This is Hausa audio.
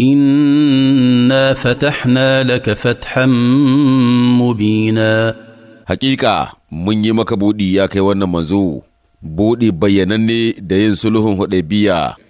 إنا فتحنا لك فتحا مبينا حقيقة من يمك بودي يا كي وانا منزو بودي بيانني دين سلوهم هدبيا